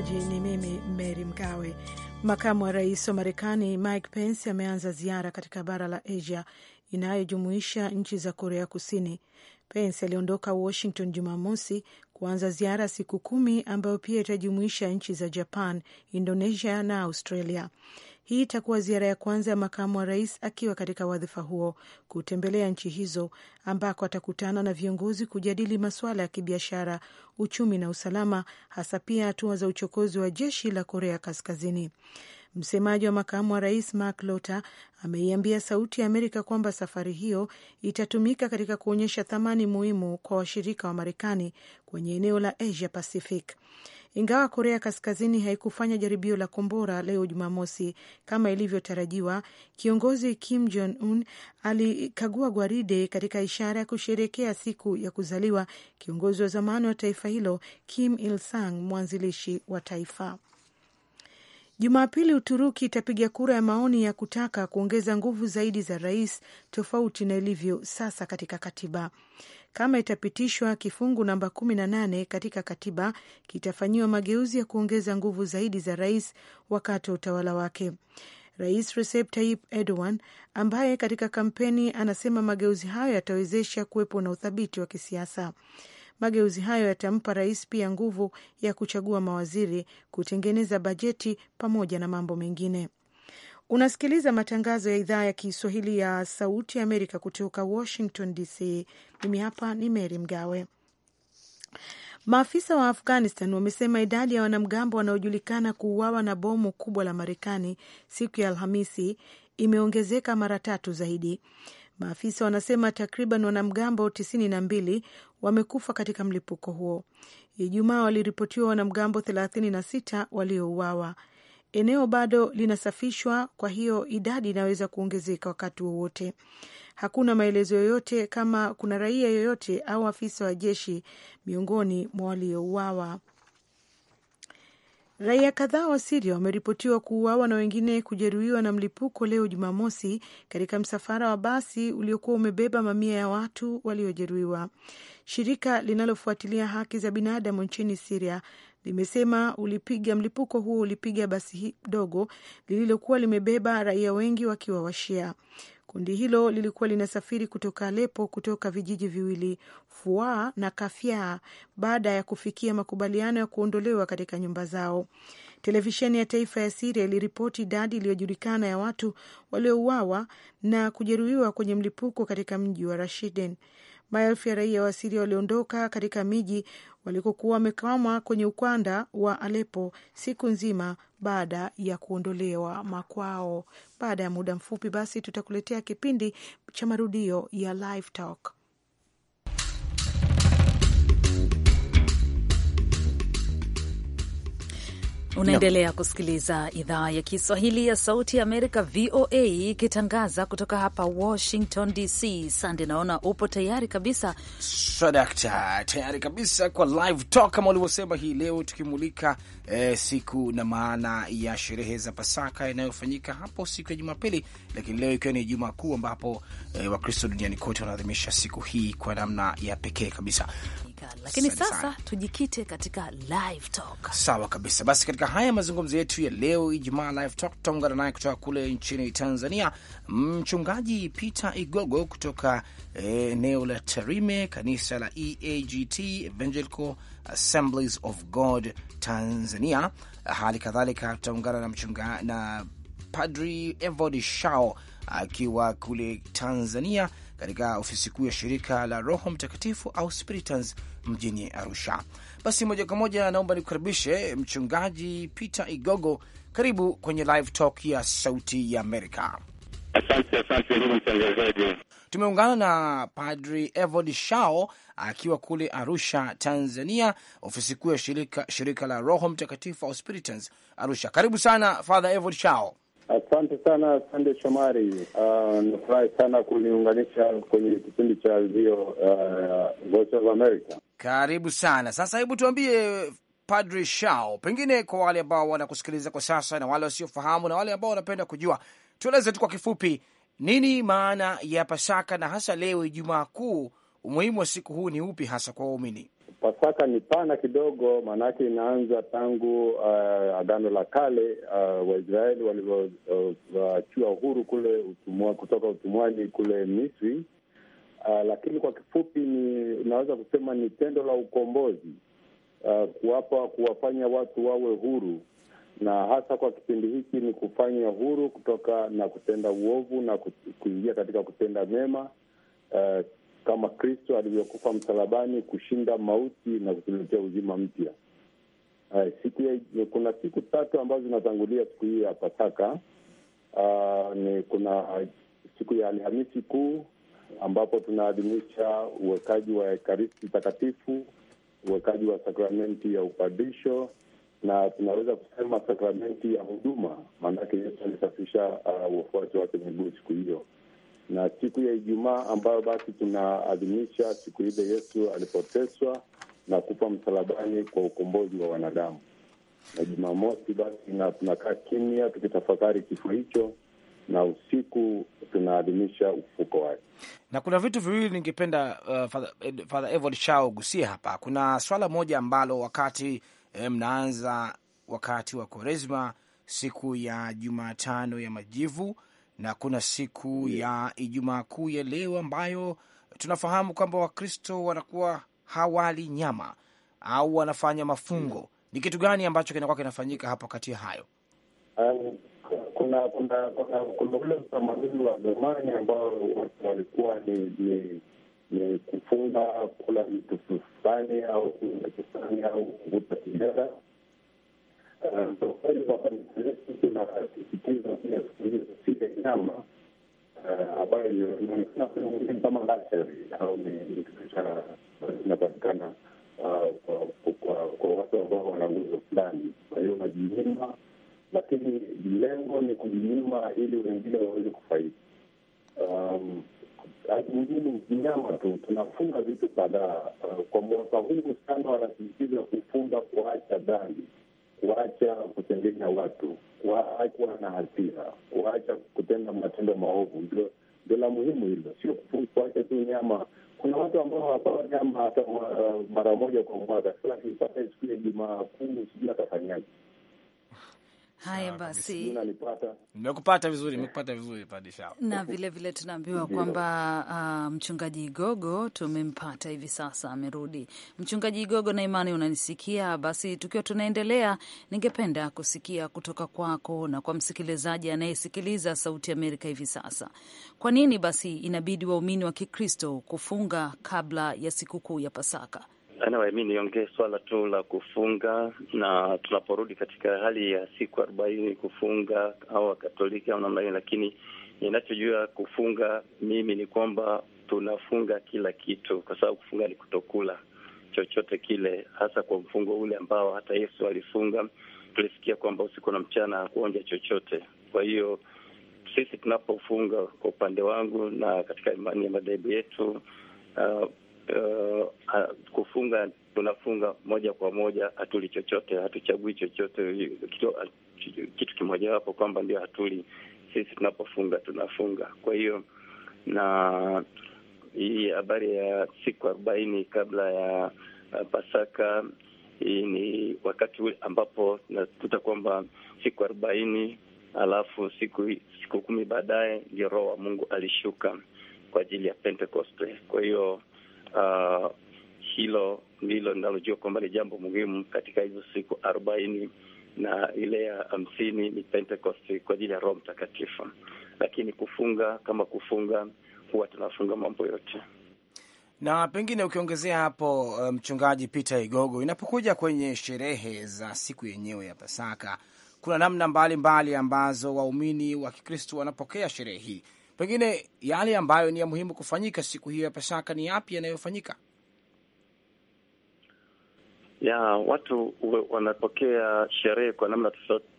msomaji ni mimi Mary Mgawe. Makamu wa rais wa Marekani Mike Pence ameanza ziara katika bara la Asia inayojumuisha nchi za Korea Kusini. Pence aliondoka Washington Jumamosi kuanza ziara siku kumi ambayo pia itajumuisha nchi za Japan, Indonesia na Australia. Hii itakuwa ziara ya kwanza ya makamu wa rais akiwa katika wadhifa huo kutembelea nchi hizo ambako atakutana na viongozi kujadili masuala ya kibiashara, uchumi na usalama, hasa pia hatua za uchokozi wa jeshi la Korea Kaskazini. Msemaji wa makamu wa rais Mark Lotter ameiambia Sauti ya Amerika kwamba safari hiyo itatumika katika kuonyesha thamani muhimu kwa washirika wa Marekani kwenye eneo la Asia Pacific. Ingawa Korea Kaskazini haikufanya jaribio la kombora leo Jumamosi kama ilivyotarajiwa, kiongozi Kim Jong Un alikagua gwaride katika ishara ya kusherekea siku ya kuzaliwa kiongozi wa zamani wa taifa hilo Kim Il Sung, mwanzilishi wa taifa. Jumapili Uturuki itapiga kura ya maoni ya kutaka kuongeza nguvu zaidi za rais, tofauti na ilivyo sasa katika katiba. Kama itapitishwa, kifungu namba kumi na nane katika katiba kitafanyiwa mageuzi ya kuongeza nguvu zaidi za rais wakati wa utawala wake. Rais Recep Tayyip Erdogan, ambaye katika kampeni anasema mageuzi hayo yatawezesha kuwepo na uthabiti wa kisiasa. Mageuzi hayo yatampa rais pia nguvu ya kuchagua mawaziri, kutengeneza bajeti pamoja na mambo mengine. Unasikiliza matangazo ya idhaa ya Kiswahili ya Sauti ya Amerika kutoka Washington DC. Mimi hapa ni Mary Mgawe. Maafisa wa Afghanistan wamesema idadi ya wanamgambo wanaojulikana kuuawa na bomu kubwa la Marekani siku ya Alhamisi imeongezeka mara tatu zaidi. Maafisa wanasema takriban wanamgambo tisini na mbili wamekufa katika mlipuko huo. Ijumaa waliripotiwa wanamgambo thelathini na sita waliouawa. Eneo bado linasafishwa, kwa hiyo idadi inaweza kuongezeka wakati wowote. Hakuna maelezo yoyote kama kuna raia yoyote au afisa wa jeshi miongoni mwa waliouawa. Raia kadhaa wa Siria wameripotiwa kuuawa na wengine kujeruhiwa na mlipuko leo Jumamosi katika msafara wa basi uliokuwa umebeba mamia ya watu waliojeruhiwa. Shirika linalofuatilia haki za binadamu nchini Siria limesema ulipiga mlipuko huo ulipiga basi dogo lililokuwa limebeba raia wengi wakiwa Washia. Kundi hilo lilikuwa linasafiri kutoka Alepo kutoka vijiji viwili Fua na Kafya baada ya kufikia makubaliano ya kuondolewa katika nyumba zao. Televisheni ya taifa ya Siria iliripoti idadi iliyojulikana ya watu waliouawa na kujeruhiwa kwenye mlipuko katika mji wa Rashiden. Maelfu ya raia wa Siria waliondoka katika miji walikokuwa wamekwama kwenye ukanda wa Alepo siku nzima baada ya kuondolewa makwao. Baada ya muda mfupi, basi tutakuletea kipindi cha marudio ya Live Talk. Unaendelea kusikiliza idhaa ya Kiswahili ya Sauti ya Amerika, VOA, ikitangaza kutoka hapa Washington DC. Sande, naona upo tayari kabisa. Sadakta, tayari kabisa kwa live talk kama ulivyosema hii leo, tukimulika eh, siku na maana ya sherehe za Pasaka inayofanyika hapo siku ya Jumapili, lakini leo ikiwa ni Juma Kuu ambapo eh, Wakristo duniani kote wanaadhimisha siku hii kwa namna ya pekee kabisa. Marekani. Lakini sasa sana, tujikite katika live talk. Sawa kabisa. Basi katika haya mazungumzo yetu ya leo Ijumaa live talk, tutaungana naye kutoka kule nchini Tanzania, mchungaji Peter Igogo kutoka eh, eneo la Tarime, kanisa la EAGT, Evangelical Assemblies of God Tanzania. Hali kadhalika tutaungana na mchunga na Padri Evod Shao akiwa kule Tanzania katika ofisi kuu ya shirika la Roho Mtakatifu au Spiritans mjini Arusha. Basi moja kwa moja naomba nikukaribishe mchungaji Peter Igogo, karibu kwenye live talk ya Sauti ya Amerika. Asante, asante ndugu mtangazaji. Tumeungana na Padri Evod Shao akiwa kule Arusha, Tanzania, ofisi kuu ya shirika, shirika la Roho Mtakatifu Auspiritans Arusha. Karibu sana Father Evod Shao. Asante sana Sande Shomari. Uh, nafurahi sana kuniunganisha kwenye kipindi cha vio uh, ah, Voice of America. Karibu sana. Sasa hebu tuambie Padri Shao, pengine kwa wale ambao wanakusikiliza kwa sasa na wale wasiofahamu na wale ambao wanapenda kujua, tueleze tu kwa kifupi, nini maana ya Pasaka na hasa leo Ijumaa Kuu, umuhimu wa siku huu ni upi hasa kwa waumini? Pasaka ni pana kidogo, maanake inaanza tangu uh, Agano la Kale, uh, Waisraeli walivyoachiwa uh, uh, uhuru kule utumwa, kutoka utumwani kule Misri Uh, lakini kwa kifupi ni naweza kusema ni tendo la ukombozi uh, kuwapa kuwafanya watu wawe huru, na hasa kwa kipindi hiki ni kufanya huru kutoka na kutenda uovu na kuingia katika kutenda mema uh, kama Kristo alivyokufa msalabani kushinda mauti na kutuletea uzima mpya. Uh, siku ya, kuna siku tatu ambazo zinatangulia siku hii ya Pasaka. Uh, ni kuna siku ya Alhamisi Kuu ambapo tunaadhimisha uwekaji wa Ekaristi Takatifu, uwekaji wa sakramenti ya upadisho na tunaweza kusema sakramenti ya huduma, maanake Yesu alisafisha uh, wafuasi wake miguu siku hiyo, na siku ya Ijumaa ambayo basi tunaadhimisha siku ile Yesu alipoteswa na kufa msalabani kwa ukombozi wa wanadamu, na Jumamosi basi na tunakaa kimya tukitafakari kifo hicho na usiku tunaadhimisha ufufuko wake. Na kuna vitu viwili ningependa uh, Father Evod Shao hapa. Kuna swala moja ambalo wakati eh, mnaanza wakati wa Kwaresma, siku ya Jumatano ya Majivu, na kuna siku yeah, ya Ijumaa Kuu ya leo ambayo tunafahamu kwamba Wakristo wanakuwa hawali nyama au wanafanya mafungo. Ni kitu gani ambacho kinakuwa kinafanyika hapo kati ya hayo? um, kuna kuna kuna ule utamaduni wa zamani ambao watu walikuwa ni ni ni kufunga kula vitu fulani au kitu au kuvuta sigara. Ah, kwa kweli kwa kanisa tunasisitiza pia siku hizi tusile nyama ah, ambayo inaonekana kwenye kama luxury au ni kitu cha kinapatikana ah, kwa watu ambao wana nguzo fulani, kwa hiyo majinyima lakini lengo ni kujinyima ili wengine waweze kufaidi. Um, nyama tu tunafunga vitu kadhaa uh, kwa mwaka huu sana wanasisitiza kufunga, kuacha dhambi, kuacha kutengenya watu, kuwa na hasira, kuacha kutenda matendo maovu. Ndio la muhimu hilo, sio kuacha tu nyama. Kuna watu ambao hawapawa nyama hata uh, mara moja kwa mwaka. Sasa akipata siku ya Jumaa Kuu sijui atafanyaje. Haya basi, nimekupata vizuri, nimekupata vizuri Padisha. Na vile vile tunaambiwa kwamba uh, mchungaji Igogo tumempata hivi sasa, amerudi mchungaji Igogo na Imani, unanisikia? Basi tukiwa tunaendelea, ningependa kusikia kutoka kwako na kwa msikilizaji anayesikiliza Sauti Amerika hivi sasa, kwa nini basi inabidi waumini wa Kikristo kufunga kabla ya sikukuu ya Pasaka? Anyway, mi niongee swala tu la kufunga, na tunaporudi katika hali ya siku arobaini kufunga au Wakatoliki au namna hiyo, lakini ninachojua kufunga mimi ni kwamba tunafunga kila kitu, kwa sababu kufunga ni kutokula chochote kile, hasa kwa mfungo ule ambao hata Yesu alifunga. Tulisikia kwamba usiku na mchana hakuonja chochote. Kwa hiyo sisi tunapofunga, kwa upande wangu na katika imani ya madhehebu yetu uh, uh, kufunga tunafunga moja kwa moja, hatuli chochote, hatuchagui chochote, kitu, kitu kimojawapo kwamba ndio hatuli sisi, tunapofunga tunafunga. Kwa hiyo na hii habari ya siku arobaini kabla ya Pasaka, hii ni wakati ule ambapo tunakuta kwamba siku arobaini alafu siku siku kumi baadaye ndio Roho wa Mungu alishuka kwa ajili ya Pentekoste. Kwa hiyo Uh, hilo ndilo linalojua kwamba ni jambo muhimu katika hizo siku arobaini na ile ya hamsini ni Pentecost kwa ajili ya Roho Mtakatifu, lakini kufunga kama kufunga huwa tunafunga mambo yote na pengine ukiongezea hapo uh, mchungaji um, Peter Igogo, inapokuja kwenye sherehe za siku yenyewe ya Pasaka, kuna namna mbalimbali mbali ambazo waumini wa Kikristo wanapokea sherehe hii. Pengine yale ambayo ni ya muhimu kufanyika siku hiyo ya Pasaka ni yapi yanayofanyika? Ya watu wanapokea sherehe kwa namna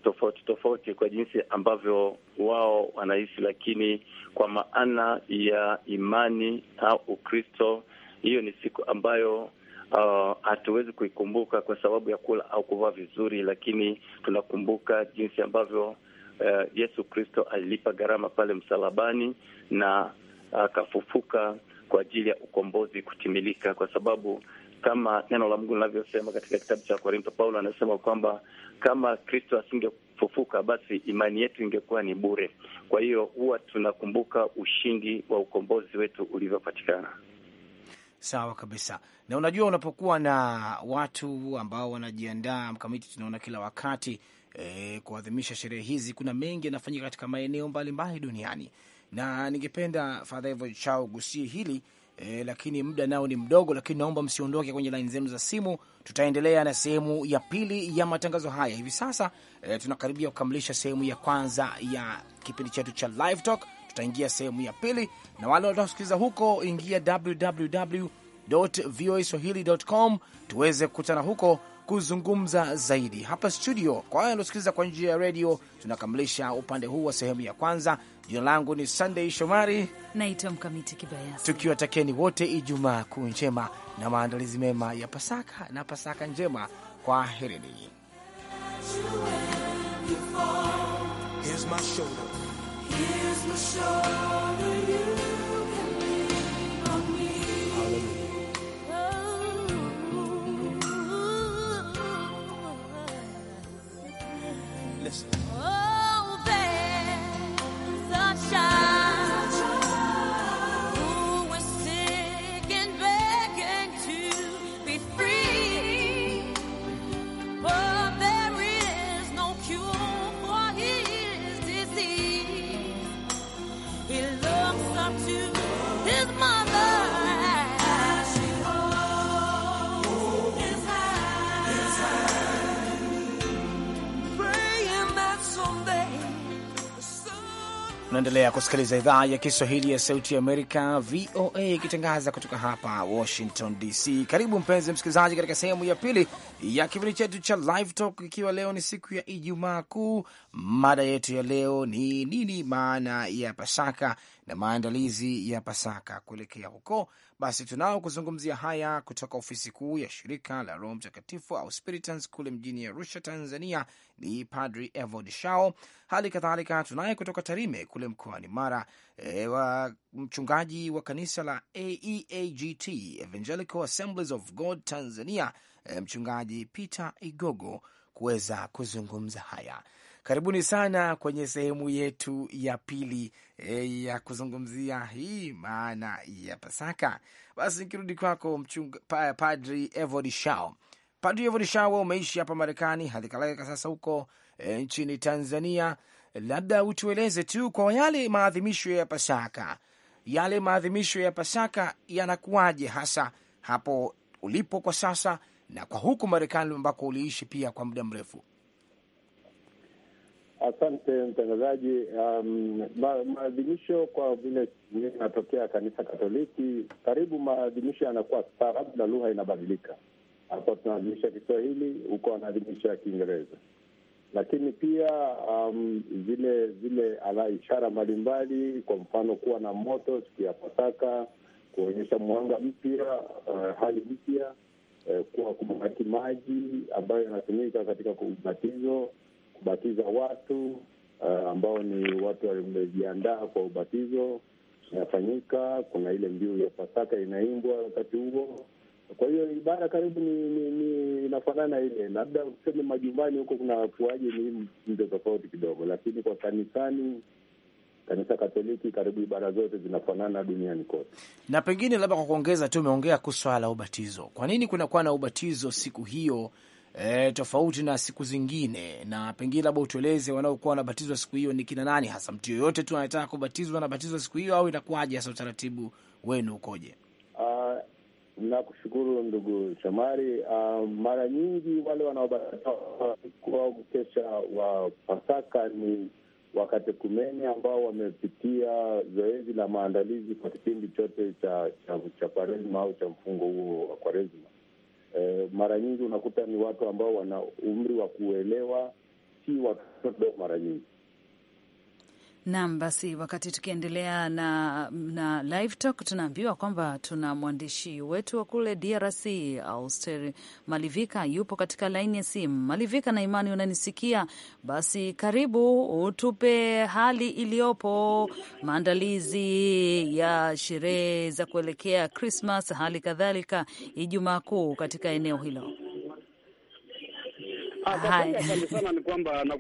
tofauti tofauti, kwa jinsi ambavyo wao wanahisi, lakini kwa maana ya imani au Ukristo, hiyo ni siku ambayo uh, hatuwezi kuikumbuka kwa sababu ya kula au kuvaa vizuri, lakini tunakumbuka jinsi ambavyo uh, Yesu Kristo alilipa gharama pale msalabani na akafufuka uh, kwa ajili ya ukombozi kutimilika, kwa sababu kama neno la Mungu linavyosema katika kitabu cha Korintho, Paulo anasema kwamba kama Kristo asingefufuka, basi imani yetu ingekuwa ni bure. Kwa hiyo huwa tunakumbuka ushindi wa ukombozi wetu ulivyopatikana. Sawa kabisa. Na unajua unapokuwa na watu ambao wanajiandaa mkamiti, tunaona kila wakati e, kuadhimisha sherehe hizi, kuna mengi yanafanyika katika maeneo mbalimbali duniani, na ningependa Father Evo Chao gusie hili e, lakini muda nao ni mdogo, lakini naomba msiondoke kwenye laini zenu za simu. Tutaendelea na sehemu ya pili ya matangazo haya hivi sasa. E, tunakaribia kukamilisha sehemu ya kwanza ya kipindi chetu cha Live Talk tutaingia sehemu ya pili, na wale wanaosikiliza huko, ingia www voa swahili.com tuweze kukutana huko kuzungumza zaidi hapa studio. Kwa wale wanaosikiliza kwa njia ya redio, tunakamilisha upande huu wa sehemu ya kwanza. Jina langu ni Sunday Shomari, naitwa Mkamiti Kibayasi, tukiwatakeni wote Ijumaa kuu njema na maandalizi mema ya Pasaka na Pasaka njema. Kwa herini. the shore. Unaendelea kusikiliza idhaa ya Kiswahili ya Sauti ya Amerika, VOA, ikitangaza kutoka hapa Washington DC. Karibu mpenzi msikilizaji, katika sehemu ya pili ya kipindi chetu cha Live Talk, ikiwa leo ni siku ya Ijumaa Kuu. Mada yetu ya leo ni nini maana ya Pasaka na maandalizi ya Pasaka kuelekea huko. Basi tunao kuzungumzia haya kutoka ofisi kuu ya shirika la Roho Mtakatifu au Spiritans kule mjini Arusha, Tanzania, ni Padri Evod Shao. Hali kadhalika tunaye kutoka Tarime kule mkoani Mara, e, wa mchungaji wa kanisa la AEAGT, Evangelical Assemblies of God Tanzania, Eh, mchungaji Peter Igogo kuweza kuzungumza haya. Karibuni sana kwenye sehemu yetu ya pili e, ya kuzungumzia hii maana ya Pasaka. Basi nikirudi kwako mchunga, pa, Padri Evod Shao. Padri Evod Shao, we umeishi hapa Marekani, halikadhalika sasa huko e, nchini Tanzania, labda utueleze tu kwa yale maadhimisho ya Pasaka, yale maadhimisho ya Pasaka yanakuwaje hasa hapo ulipo kwa sasa na kwa huku Marekani ambako uliishi pia kwa muda mrefu? Asante mtangazaji. Um, maadhimisho ma, kwa vile inatokea kanisa Katoliki, karibu maadhimisho yanakuwa staarabu na lugha inabadilika. Hapa tunaadhimisha Kiswahili, huko wanaadhimisha Kiingereza, lakini pia um, zile zile ala ishara mbalimbali, kwa mfano kuwa na moto siku ya Pasaka, kuonyesha mwanga mpya, uh, hali mpya eh, kuwa kubaki maji ambayo yanatumika katika ubatizo, kubatiza watu eh, ambao ni watu wamejiandaa kwa ubatizo inafanyika. Kuna ile mbiu ya Pasaka inaimbwa wakati huo. Kwa hiyo ibada karibu ni, ni, ni inafanana ile, labda useme majumbani huko kuna kuaje, ni mdo tofauti kidogo, lakini kwa kanisani Kanisa Katoliki karibu ibada zote zinafanana duniani kote. Na pengine labda kwa kuongeza tu, umeongea kuhusu swala la ubatizo. Kwa nini kunakuwa na ubatizo siku hiyo e, tofauti na siku zingine? Na pengine labda utueleze wanaokuwa wanabatizwa siku hiyo ni kina nani hasa? Mtu yoyote tu anayetaka kubatizwa anabatizwa siku hiyo, au inakuwaje hasa? Utaratibu wenu ukoje? Uh, nakushukuru ndugu Shamari. Uh, mara nyingi wale wanaobatizwa kwa mkesha wa Pasaka ni Wakatekumeni ambao wamepitia zoezi la maandalizi kwa kipindi chote cha cha, cha Kwaresma au cha mfungo huo wa Kwaresma. E, mara nyingi unakuta ni watu ambao wana umri wa kuelewa, si watoto mara nyingi Nam, basi wakati tukiendelea na, na live talk, tunaambiwa kwamba tuna mwandishi wetu wa kule DRC Auster Malivika yupo katika laini ya simu. Malivika na Imani, unanisikia? Basi karibu, utupe hali iliyopo, maandalizi ya sherehe za kuelekea Krismas, hali kadhalika Ijumaa Kuu katika eneo hilo. Ah, Haya, asante sana. Ni kwamba na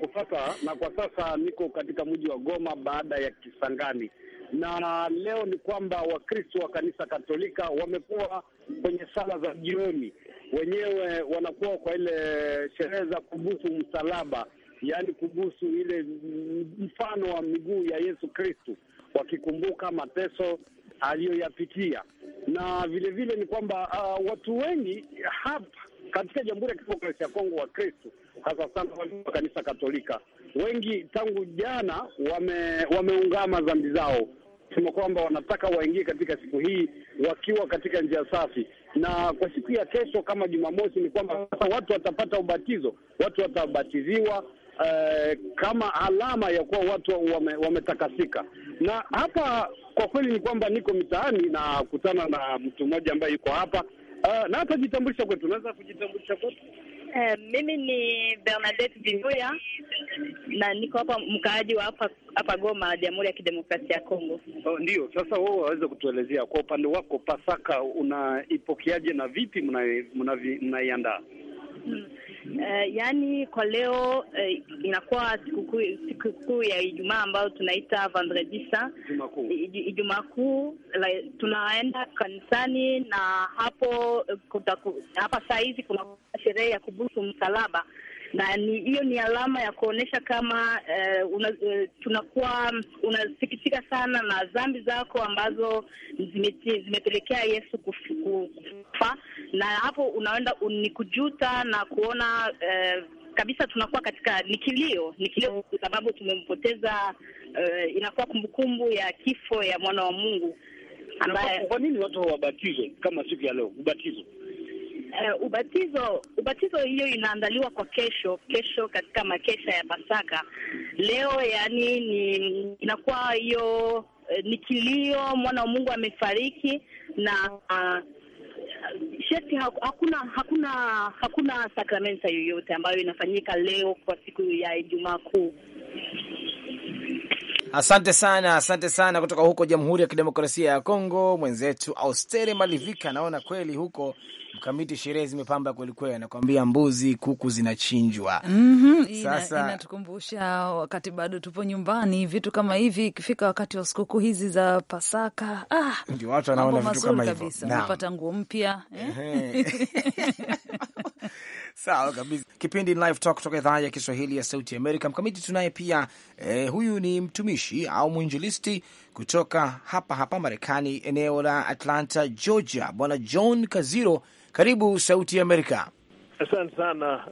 na kwa sasa niko katika mji wa Goma baada ya Kisangani, na leo ni kwamba Wakristo wa kanisa Katolika wamekuwa kwenye sala za jioni, wenyewe wanakuwa kwa ile sherehe za kubusu msalaba, yaani kubusu ile mfano wa miguu ya Yesu Kristu, wakikumbuka mateso aliyoyapitia, na vilevile vile ni kwamba uh, watu wengi hapa katika Jamhuri ya Kidemokrasia ya Kongo, Wakristo hasa sana wale wa kanisa Katolika wengi tangu jana wame, wameungama dhambi zao sema kwamba wanataka waingie katika siku hii wakiwa katika njia safi, na kwa siku ya kesho kama Jumamosi ni kwamba sasa watu watapata ubatizo, watu watabatiziwa uh, eh, kama alama ya kuwa watu wame, wametakasika. Na hapa kwa kweli ni kwamba niko mitaani na kutana na mtu mmoja ambaye yuko hapa Ah, na hata jitambulisha kwetu, unaweza kujitambulisha kwetu? Uh, mimi ni Bernadette vivuya na niko hapa mkaaji wa hapa hapa Goma, Jamhuri ya Kidemokrasia ya Kongo. Oh, ndio. Sasa wewe waweze kutuelezea kwa upande wako Pasaka unaipokeaje na vipi mnaiandaa? mna, mm. mna, mna, mna, mna, mna, mna, mna, mna, Uh, yaani kwa leo uh, inakuwa sikukuu siku ya Ijumaa ambayo tunaita Vendredi Saint, Ijumaa Kuu. Tunaenda kanisani na hapo eh, kutaku, hapa saa hizi kuna sherehe ya kubusu msalaba na ni hiyo ni alama ya kuonyesha kama uh, una, uh, tunakuwa unasikitika sana na dhambi zako ambazo zimepelekea Yesu kufa, na hapo unaenda ni kujuta na kuona uh, kabisa tunakuwa katika ni kilio ni kilio kwa sababu tumempoteza. Uh, inakuwa kumbukumbu ya kifo ya mwana wa Mungu ambaye. Kwa nini watu hawabatizwe kama siku ya leo ubatizo uh, ubatizo ubatizo hiyo inaandaliwa kwa kesho kesho, katika makesha ya Pasaka leo, yani ni inakuwa hiyo uh, ni kilio, mwana wa Mungu amefariki na uh, sheti hakuna hakuna hakuna sakramenta yoyote ambayo inafanyika leo kwa siku ya Ijumaa Kuu. Asante sana, asante sana kutoka huko Jamhuri ya Kidemokrasia ya Kongo, mwenzetu Austere Malivika. Naona kweli huko mkamiti, sherehe zimepamba kwelikweli, anakwambia mbuzi, kuku zinachinjwa. mm -hmm. Sasa inatukumbusha wakati bado tupo nyumbani, vitu kama hivi, ikifika wakati wa sikukuu hizi za Pasaka, ah, ndio watu wanaona vitu kama hivyo, napata nguo mpya eh? Sawa kabisa. Kipindi Live Talk kutoka idhaa ya Kiswahili ya Sauti Amerika. Mkamiti tunaye pia eh, huyu ni mtumishi au mwinjilisti kutoka hapa hapa Marekani, eneo la Atlanta, Georgia, Bwana John Kaziro karibu Sauti ya Amerika. Asante sana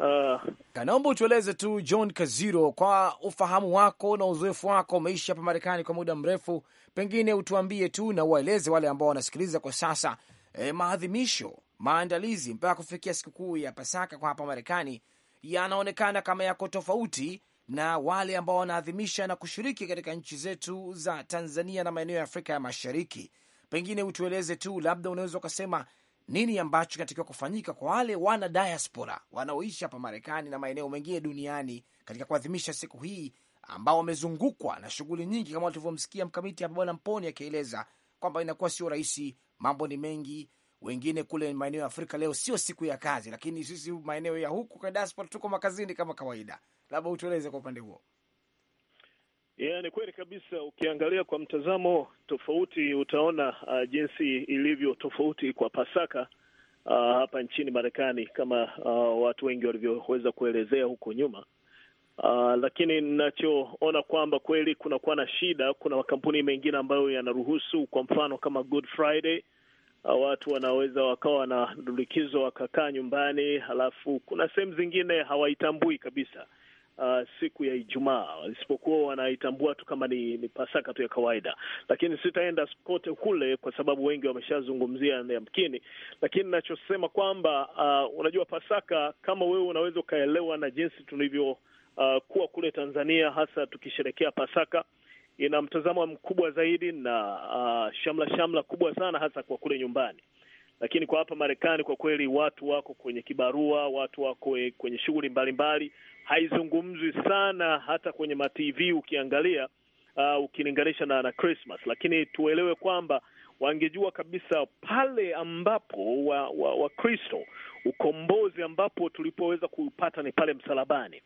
uh... Naomba utueleze tu John Kaziro, kwa ufahamu wako na uzoefu wako, umeishi hapa Marekani kwa muda mrefu, pengine utuambie tu na uwaeleze wale ambao wanasikiliza kwa sasa e, maadhimisho, maandalizi mpaka kufikia sikukuu ya Pasaka kwa hapa Marekani yanaonekana kama yako tofauti na wale ambao wanaadhimisha na kushiriki katika nchi zetu za Tanzania na maeneo ya Afrika ya Mashariki. Pengine utueleze tu, labda unaweza ukasema nini ambacho kinatakiwa kufanyika kwa wale wana diaspora wanaoishi hapa Marekani na maeneo mengine duniani katika kuadhimisha siku hii, ambao wamezungukwa na shughuli nyingi, kama tulivyomsikia mkamiti hapa Bwana Mponi akieleza kwamba inakuwa sio rahisi, mambo ni mengi. Wengine kule maeneo ya Afrika leo sio siku ya kazi, lakini sisi maeneo ya huku kwa diaspora tuko makazini kama kawaida. Labda utueleze kwa upande huo. Yeah, ni kweli kabisa. Ukiangalia kwa mtazamo tofauti utaona uh, jinsi ilivyo tofauti kwa Pasaka uh, hapa nchini Marekani kama uh, watu wengi walivyoweza kuelezea huko nyuma uh, lakini ninachoona kwamba kweli kunakuwa na shida. Kuna makampuni mengine ambayo yanaruhusu, kwa mfano kama Good Friday uh, watu wanaweza wakawa na wakakaa nyumbani, halafu kuna sehemu zingine hawaitambui kabisa uh, siku ya Ijumaa, isipokuwa wanaitambua tu kama ni, ni Pasaka tu ya kawaida, lakini sitaenda kote kule kwa sababu wengi wameshazungumzia yamkini, lakini nachosema kwamba uh, unajua Pasaka kama wewe unaweza ukaelewa na jinsi tulivyo uh, kuwa kule Tanzania, hasa tukisherekea Pasaka ina mtazamo mkubwa zaidi na uh, shamla shamla kubwa sana hasa kwa kule nyumbani lakini kwa hapa Marekani kwa kweli watu wako kwenye kibarua, watu wako kwenye shughuli mbalimbali, haizungumzwi sana hata kwenye matv ukiangalia, uh, ukilinganisha na, na Christmas. Lakini tuelewe kwamba wangejua kabisa pale ambapo Wakristo wa, wa ukombozi ambapo tulipoweza kuupata ni pale msalabani.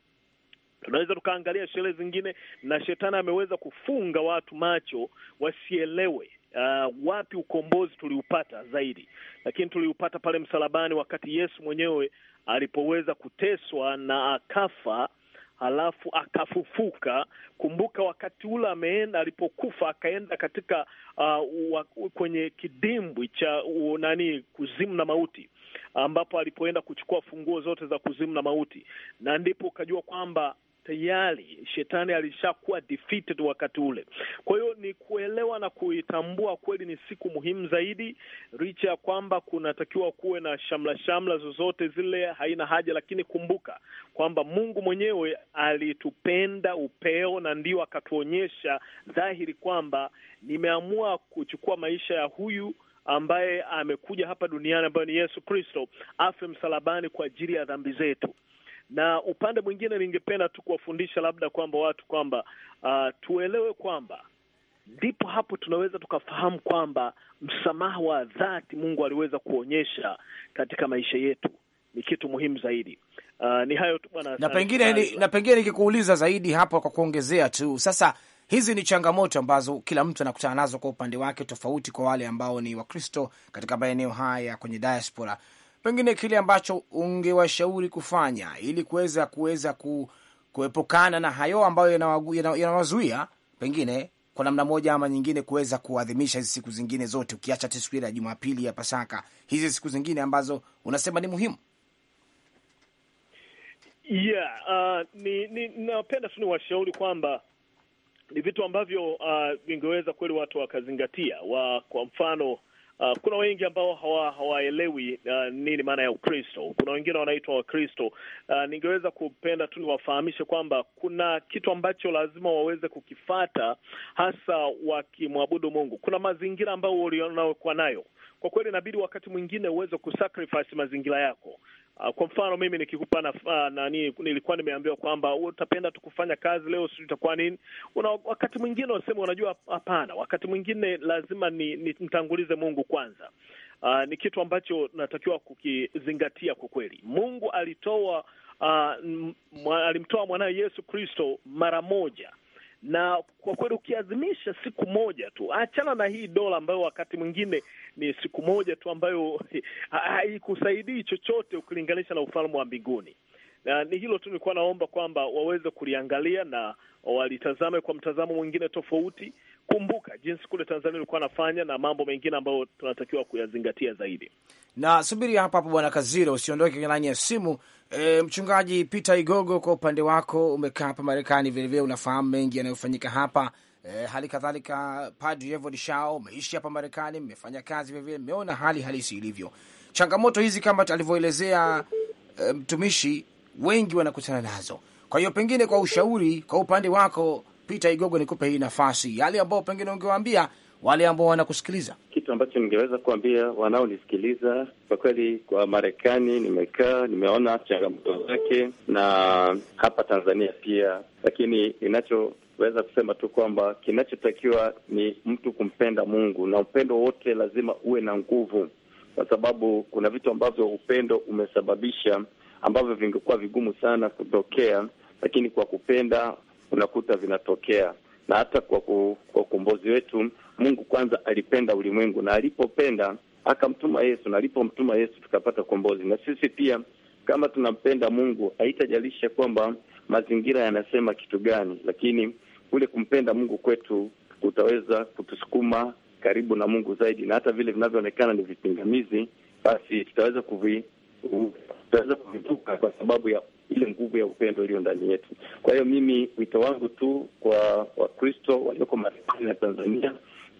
Tunaweza tukaangalia sherehe zingine, na shetani ameweza kufunga watu macho wasielewe uh, wapi ukombozi tuliupata zaidi? Lakini tuliupata pale msalabani, wakati Yesu mwenyewe alipoweza kuteswa na akafa halafu akafufuka. Kumbuka wakati ule ameenda, alipokufa akaenda katika uh, kwenye kidimbwi cha uh, nani, kuzimu na mauti, ambapo alipoenda kuchukua funguo zote za kuzimu na mauti, na ndipo ukajua kwamba tayari shetani alishakuwa defeated wakati ule. Kwa hiyo ni kuelewa na kuitambua kweli ni siku muhimu zaidi, licha ya kwamba kunatakiwa kuwe na shamla shamla zozote zile, haina haja. Lakini kumbuka kwamba Mungu mwenyewe alitupenda upeo, na ndio akatuonyesha dhahiri kwamba nimeamua kuchukua maisha ya huyu ambaye amekuja hapa duniani ambayo ni Yesu Kristo, afe msalabani kwa ajili ya dhambi zetu na upande mwingine ningependa tu kuwafundisha labda kwamba watu kwamba uh, tuelewe kwamba ndipo hapo tunaweza tukafahamu kwamba msamaha wa dhati Mungu aliweza kuonyesha katika maisha yetu ni kitu muhimu zaidi. Uh, ni hayo tu bwana, na pengine ni, na pengine nikikuuliza zaidi hapo kwa kuongezea tu sasa hizi ni changamoto ambazo kila mtu anakutana nazo kwa upande wake, tofauti kwa wale ambao ni Wakristo katika maeneo haya kwenye diaspora pengine kile ambacho ungewashauri kufanya ili kuweza kuweza ku, kuepukana na hayo ambayo yanawazuia pengine kwa namna moja ama nyingine kuweza kuadhimisha hizi siku zingine zote, ukiacha tu siku ile ya Jumapili ya Pasaka, hizi siku zingine ambazo unasema ni muhimu? Yeah, uh, ni, ni napenda tu washauri kwamba ni vitu ambavyo uh, vingeweza kweli watu wakazingatia wa, kwa mfano Uh, kuna wengi ambao hawaelewi uh, nini maana ya Ukristo. Kuna wengine wanaitwa Wakristo. Uh, ningeweza kupenda tu niwafahamishe kwamba kuna kitu ambacho lazima waweze kukifata, hasa wakimwabudu Mungu. Kuna mazingira ambayo kwa nayo kwa kweli inabidi wakati mwingine uweze kusacrifice mazingira yako, Ah, kwa mfano mimi nikikupa na ah, nani, nilikuwa nimeambiwa kwamba utapenda tukufanya kazi leo, sijui itakuwa nini. Una wakati mwingine unasema, unajua, hapana, wakati mwingine lazima nimtangulize ni, Mungu kwanza. Uh, ni kitu ambacho natakiwa kukizingatia kwa kweli. Mungu alitoa uh, alimtoa mwanaye Yesu Kristo mara moja na kwa kweli ukiazimisha siku moja tu, achana na hii dola ambayo wakati mwingine ni siku moja tu ambayo haikusaidii chochote ukilinganisha na ufalme wa mbinguni. Na ni hilo tu nilikuwa naomba kwamba waweze kuliangalia na walitazame kwa mtazamo mwingine tofauti kumbuka jinsi kule Tanzania ulikuwa anafanya na mambo mengine ambayo tunatakiwa kuyazingatia zaidi. Na subiri hapa hapo, Bwana Kazira, usiondoke ndani ya simu. E, Mchungaji Peter Igogo, kwa upande wako umekaa hapa Marekani, vilevile unafahamu mengi yanayofanyika hapa. E, hali kadhalika Padri Evod Shao, umeishi hapa Marekani, mmefanya kazi vilevile, mmeona hali halisi ilivyo. Changamoto hizi kama alivyoelezea e, mtumishi, wengi wanakutana nazo. Kwa hiyo pengine kwa ushauri kwa upande wako Peter Igogo, nikupe hii nafasi, yale ambao pengine ungewaambia wale ambao wanakusikiliza. Kitu ambacho ningeweza kuambia wanaonisikiliza kwa kweli, kwa Marekani nimekaa, nimeona changamoto zake na hapa Tanzania pia, lakini inachoweza kusema tu kwamba kinachotakiwa ni mtu kumpenda Mungu na upendo wote lazima uwe na nguvu, kwa sababu kuna vitu ambavyo upendo umesababisha ambavyo vingekuwa vigumu sana kutokea, lakini kwa kupenda unakuta vinatokea. Na hata kwa ku, kwa ukombozi wetu Mungu kwanza alipenda ulimwengu, na alipopenda akamtuma Yesu, na alipomtuma Yesu tukapata ukombozi. Na sisi pia kama tunampenda Mungu, haitajalisha kwamba mazingira yanasema kitu gani, lakini ule kumpenda Mungu kwetu utaweza kutusukuma karibu na Mungu zaidi, na hata vile vinavyoonekana ni vipingamizi, basi tutaweza kuvi tutaweza kuvituka kwa sababu ya ile nguvu ya upendo iliyo ndani yetu. Kwa hiyo mimi wito wangu tu kwa Wakristo walioko Marekani na Tanzania,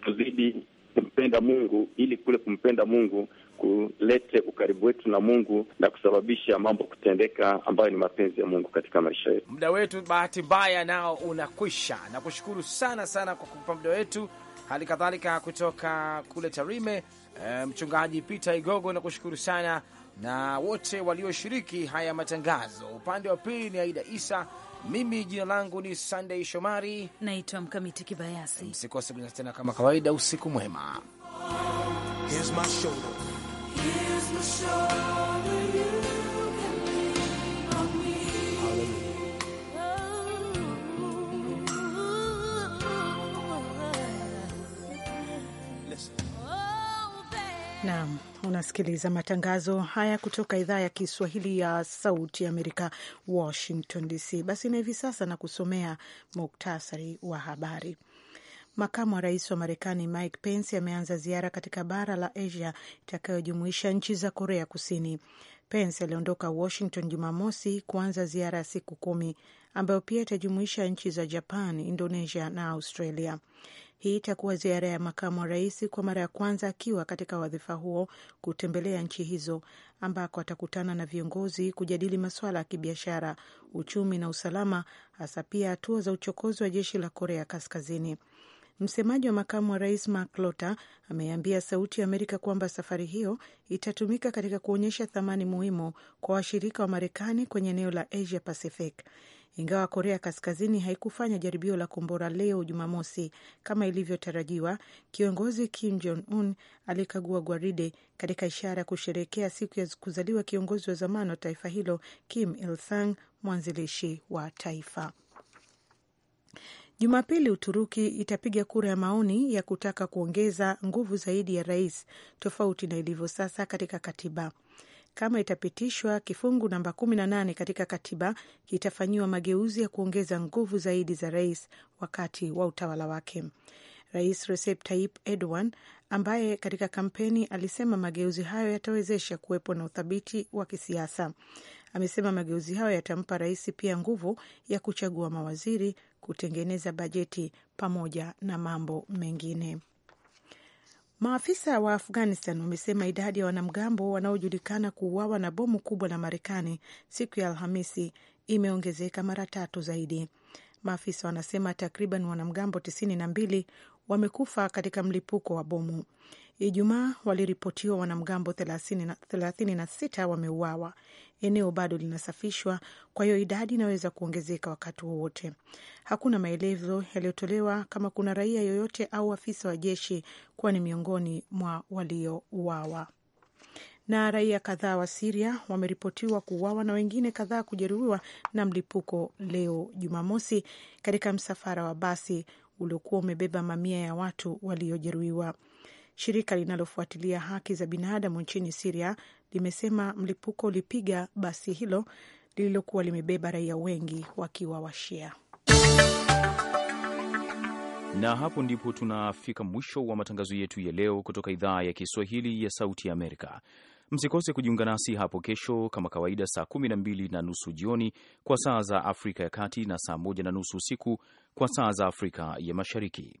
tuzidi kumpenda Mungu ili kule kumpenda Mungu kulete ukaribu wetu na Mungu na kusababisha mambo kutendeka ambayo ni mapenzi ya Mungu katika maisha yetu. Muda wetu bahati mbaya nao unakwisha. Nakushukuru sana sana kwa kupa muda wetu, hali kadhalika kutoka kule Tarime, eh, mchungaji Peter Igogo, nakushukuru sana na wote walioshiriki haya matangazo. Upande wa pili ni Aida Isa, mimi jina langu ni Sunday Shomari, naitwa Mkamiti Kibayasi. Msikose kuja tena kama kawaida. Usiku mwema. Here's my shoulder. Here's my shoulder oh, oh, oh. Naam. Unasikiliza matangazo haya kutoka idhaa ya Kiswahili ya Sauti ya Amerika, Washington DC. Basi na hivi sasa na kusomea muktasari wa habari. Makamu wa rais wa Marekani Mike Pence ameanza ziara katika bara la Asia itakayojumuisha nchi za Korea Kusini. Pence aliondoka Washington Jumamosi kuanza ziara ya siku kumi ambayo pia itajumuisha nchi za Japan, Indonesia na Australia. Hii itakuwa ziara ya makamu wa rais kwa mara ya kwanza akiwa katika wadhifa huo kutembelea nchi hizo ambako atakutana na viongozi kujadili masuala ya kibiashara, uchumi na usalama, hasa pia hatua za uchokozi wa jeshi la Korea Kaskazini. Msemaji wa makamu wa rais Mark Lotter ameambia Sauti ya Amerika kwamba safari hiyo itatumika katika kuonyesha thamani muhimu kwa washirika wa Marekani kwenye eneo la Asia Pacific. Ingawa Korea Kaskazini haikufanya jaribio la kombora leo Jumamosi kama ilivyotarajiwa, kiongozi Kim Jong Un alikagua gwaride katika ishara ya kusherehekea siku ya kuzaliwa kiongozi wa zamani wa taifa hilo Kim Il Sung, mwanzilishi wa taifa. Jumapili Uturuki itapiga kura ya maoni ya kutaka kuongeza nguvu zaidi ya rais, tofauti na ilivyo sasa katika katiba. Kama itapitishwa, kifungu namba 18 katika katiba kitafanyiwa mageuzi ya kuongeza nguvu zaidi za rais wakati wa utawala wake. Rais Recep Tayyip Erdogan ambaye katika kampeni alisema mageuzi hayo yatawezesha kuwepo na uthabiti wa kisiasa amesema mageuzi hayo yatampa rais pia nguvu ya kuchagua mawaziri, kutengeneza bajeti pamoja na mambo mengine. Maafisa wa Afghanistan wamesema idadi ya wanamgambo wanaojulikana kuuawa na bomu kubwa la Marekani siku ya Alhamisi imeongezeka mara tatu zaidi. Maafisa wanasema takriban wanamgambo tisini na mbili wamekufa katika mlipuko wa bomu. Ijumaa waliripotiwa wanamgambo sita wameuawa, eneo bado linasafishwa, kwa hiyo idadi inaweza kuongezeka wakati wowote. Hakuna maelezo yaliyotolewa kama kuna raia yoyote au afisa wa jeshi kuwa ni miongoni mwa waliouawa na raia kadhaa wa Siria wameripotiwa kuuawa na wengine kadhaa kujeruhiwa na mlipuko leo Jumamosi katika msafara wa basi uliokuwa umebeba mamia ya watu waliojeruhiwa. Shirika linalofuatilia haki za binadamu nchini Siria limesema mlipuko ulipiga basi hilo lililokuwa limebeba raia wengi wakiwa Washia. Na hapo ndipo tunafika mwisho wa matangazo yetu ya leo kutoka idhaa ya Kiswahili ya Sauti ya Amerika. Msikose kujiunga nasi hapo kesho kama kawaida, saa 12 na nusu jioni kwa saa za Afrika ya Kati na saa 1 na nusu usiku kwa saa za Afrika ya Mashariki.